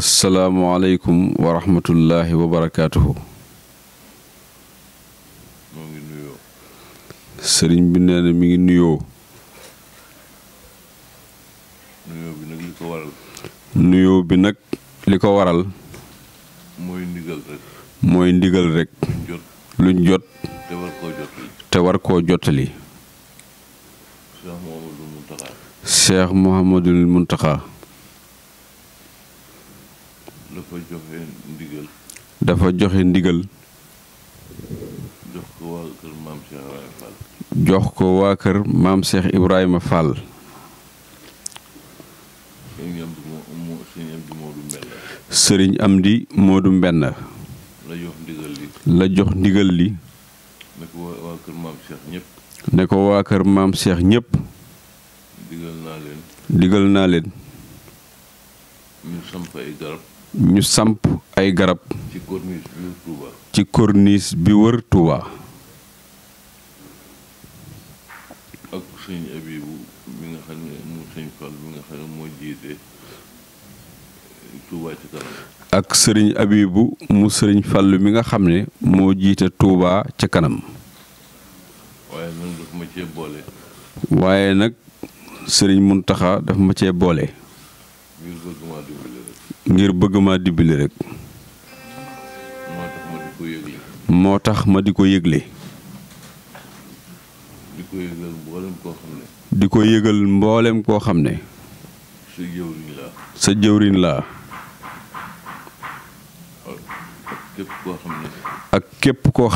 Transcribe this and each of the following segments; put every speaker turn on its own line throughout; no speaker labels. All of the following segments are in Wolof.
asalaamualeykum wa rahmatullahi wa sëriñ bi nee mi ngi nuyoo. nuyoo bi nag li ko waral.
nuyoo bi
mooy ndigal rek. luñ jot. te war koo jottali. te war koo
dafa joxe ndigal.
dafa joxe ndigal. jox ko waa kër maam Cheikh Ibrahima Fall.
jox ko waa kër maam
sëriñ Amdi Moodu Mbenn la
jox ndigal li.
la jox ndigal li. ne ko waa kër maam Cheikh ñëpp. digal naa leen. ñu samp ay garab ci corniche bi wër Touba
ak sëñ Abibu mu sëñ Fall mi nga xam ne moo jiite eh, Touba ci kanam
sëriñ Abibu mu sëriñ Fall mi nga xam ne moo jiite Touba ca kanam waaye nag sëriñ mun taxa boole ma ci boole ngir bëgg ma dimbali rek moo tax ma di ko yëgle
di ko yëgal mboolem koo xam ne
di ko yëgal mboolem koo xam ne sa jëwriñ laa ak
képp koo xam ne
ak képp koo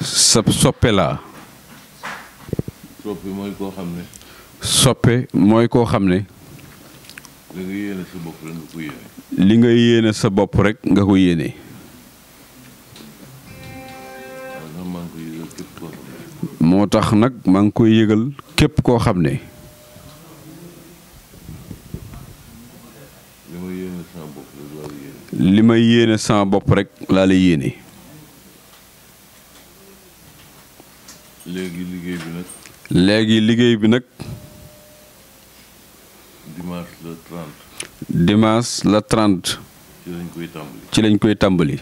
xam soppe laa ne soppe mooy koo xam ne li nga yéene sa bopp rek nga ko yéene moo tax nag maa ngi koy yëgal képp koo xam ne li may yéene sama bopp rek laa lay yéene léegi liggéey bi nag dimanche la 30. ci lañ koy tàmbali ci lañ koy tàmbali.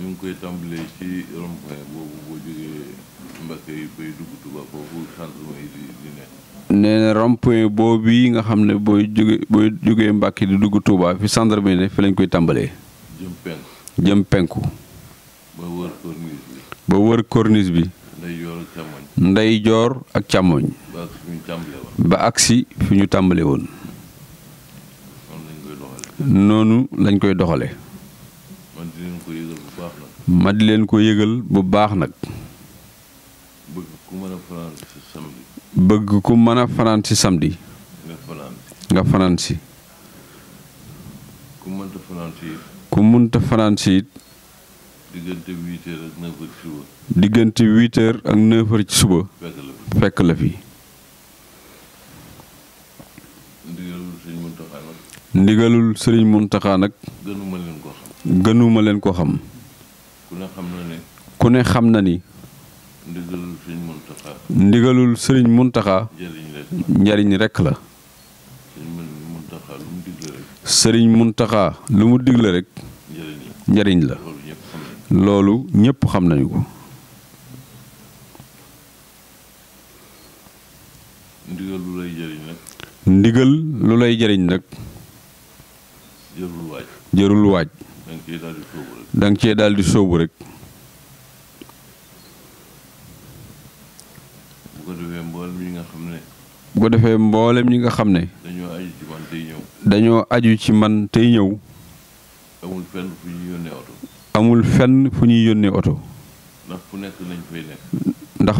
ñu ngi boobu yi nga xam ne booy jóge booy jógee Mbacke di dugg Touba fi gendarmerie ne fi lañ koy tàmbalee. jëm penku jëm penku. ba wër corniche bi. ndey ak càmmoñ ba agsi fi ñu tàmbale woon noonu lañ koy doxale ma di leen ko yëgal bu baax nag bëgg ku mën a fanaan ci samedi nga fanaan ci ku mënta fanaan ci it diggante huit heures ak neuf ci suba. diggante huit heures ak fekk la fi ndigalul sëriñ Muntaxa nag. ndigalul sëriñ Muntaxa gënuma leen ko xam. gënuma leen ko xam. ku ne xam na ni.
ndigalul sëriñ Muntaxa. ndigalul
sëriñ Muntaxa. njariñ rekk la. sëriñ Muntaxa lu mu digle rek. njariñ la. loolu ñépp xam nañu ko.
ndigal lu lay jëriñ nag. ndigal waaj.
jërul da nga cee daal di sóobu rek.
da nga cee bu ko defee mboolem ñi nga xam ne.
bu defee mboolem ñi nga xam ne.
dañoo aju ci man tey ñëw.
dañoo aju ci man tey ñëw. amul amul fenn fu ñuy yónnee oto. ndax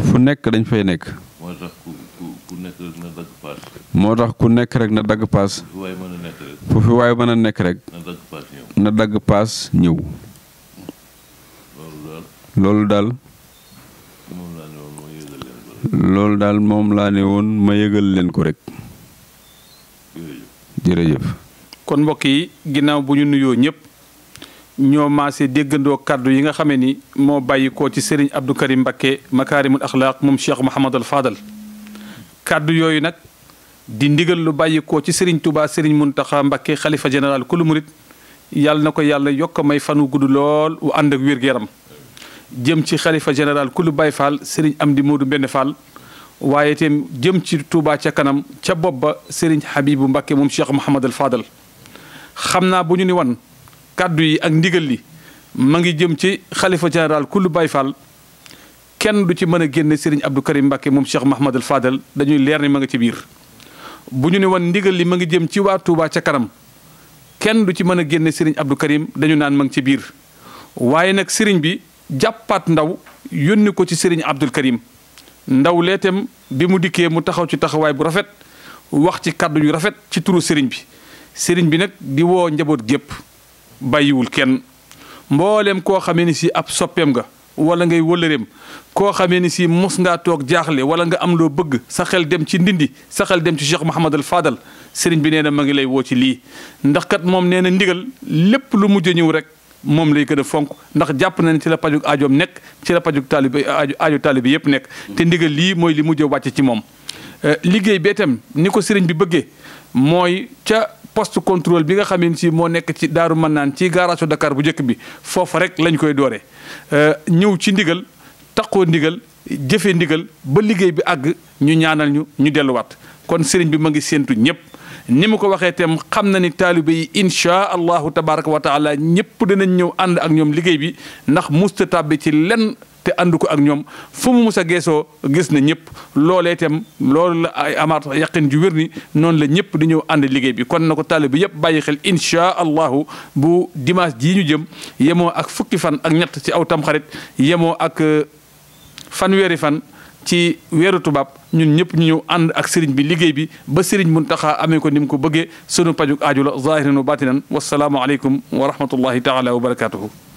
fu nekk dañ fay nekk. moo tax ku nekk rek na dagg paas. fu fi waay mën a nekk rek. na dagg paas ñëw. na loolu daal. loolu daal moom laa ne woon ma yëgal leen ko rek. jërëjëf.
kon mbokk yi ginnaaw bu ñu nuyoo ñëpp. ñoo maasee déggandoo kàddu yi nga xamee ni moo bàyyi ko ci Serigne Abdou Karim Mbakke makaarimul axlaaq moom Cheikh Mouhamadul Fadal kàddu yooyu nag di ndigal lu bàyyi ko ci sëriñ Touba Serigne Mountakha Mbakke xalifa général kulu murit yàlla na ko yàlla yokk may fanu gudd lool wu ànd ak wér-gu-yaram jëm ci xalifa général kulu Baye Fall Serigne Amdi Modou Mbende Fall waaye itam jëm ci Touba ca kanam ca bopp ba Serigne Habibu Mbakke moom Cheikh Mouhamadul Fadal xam naa bu ñu kàddu yi ak ndigal li ma ngi jëm ci xalifa général kullu bay Fall kenn du ci mën a génne Serigne Abdou Karim Mbacke moom Cheikh Mahmadul Fadal dañuy leer ni ma nga ci biir bu ñu ne woon ndigal li ma ngi jëm ci waa Touba ca kanam kenn du ci mën a génne Serigne Abdou Karim dañu naan ma ngi ci biir waaye nag sëriñ bi jàppaat ndaw yónni ko ci Serigne Abdou Karim ndaw leetem bi mu dikkee mu taxaw ci taxawaay bu rafet wax ci kàddu yu rafet ci turu Serigne bi Serigne bi nag di woo njaboot gépp bàyyiwul kenn mboolem koo xamee ni si ab soppeem nga wala ngay wëlëreem koo xamee ni si mos ngaa toog jaaxle wala nga am loo bëgg sa xel dem ci ndindi sa xel dem ci Cheikh Mouhamadul Fadal sëriñ bi nee na ma ngi lay woo ci lii ndax kat moom nee na ndigal lépp lu mujj ñëw rek moom lay gën a fonk ndax jàpp na ne ci la pajug aajoom nekk ci la pajug taalibi aajo aajo taalibi yëpp nekk te ndigal lii mooy li mujj wàcc ci moom eh, liggéey bi itam ni ko sëriñ bi bëggee poste contrôle bi nga xamante si moo nekk ci daaru mën naan ci garage Dakar bu njëkk bi foofa rek lañ koy dooree euh, ñëw ci ndigal taqoo ndigal jëfee ndigal ba liggéey bi àgg ñu ñaanal ñu ñu delluwaat kon sëriñ bi ma ngi séentu ñëpp ni mu ko waxee tam xam na ni taalibe yi incha allahu tabaraka wa taala ñëpp dinañ ñëw ànd ak ñoom liggéey bi ndax musta bi ci lenn te ànd ko ak ñoom fu mu mus a geesoo gis na ñëpp loolee tam lool la ay amaat yaqin ju wér ni noonu la ñëpp di ñëw ànd liggéey bi kon na ko taalibe bi yëpp bàyyi xel inchaa allahu bu dimaas jii ñu jëm yemoo ak fukki fan ak ñett ci aw tamxarit yemoo ak euh, fanweeri fan ci weeru tubaab ñun ñëpp ñu ñëw ànd ak sëriñ bi liggéey bi ba sëriñ taxa amee ko ni mu ko bëggee sunu pajuk aaju la zahiran wa batinan wasalaamu aleykum wa rahmatullahi taala wa barakatuhu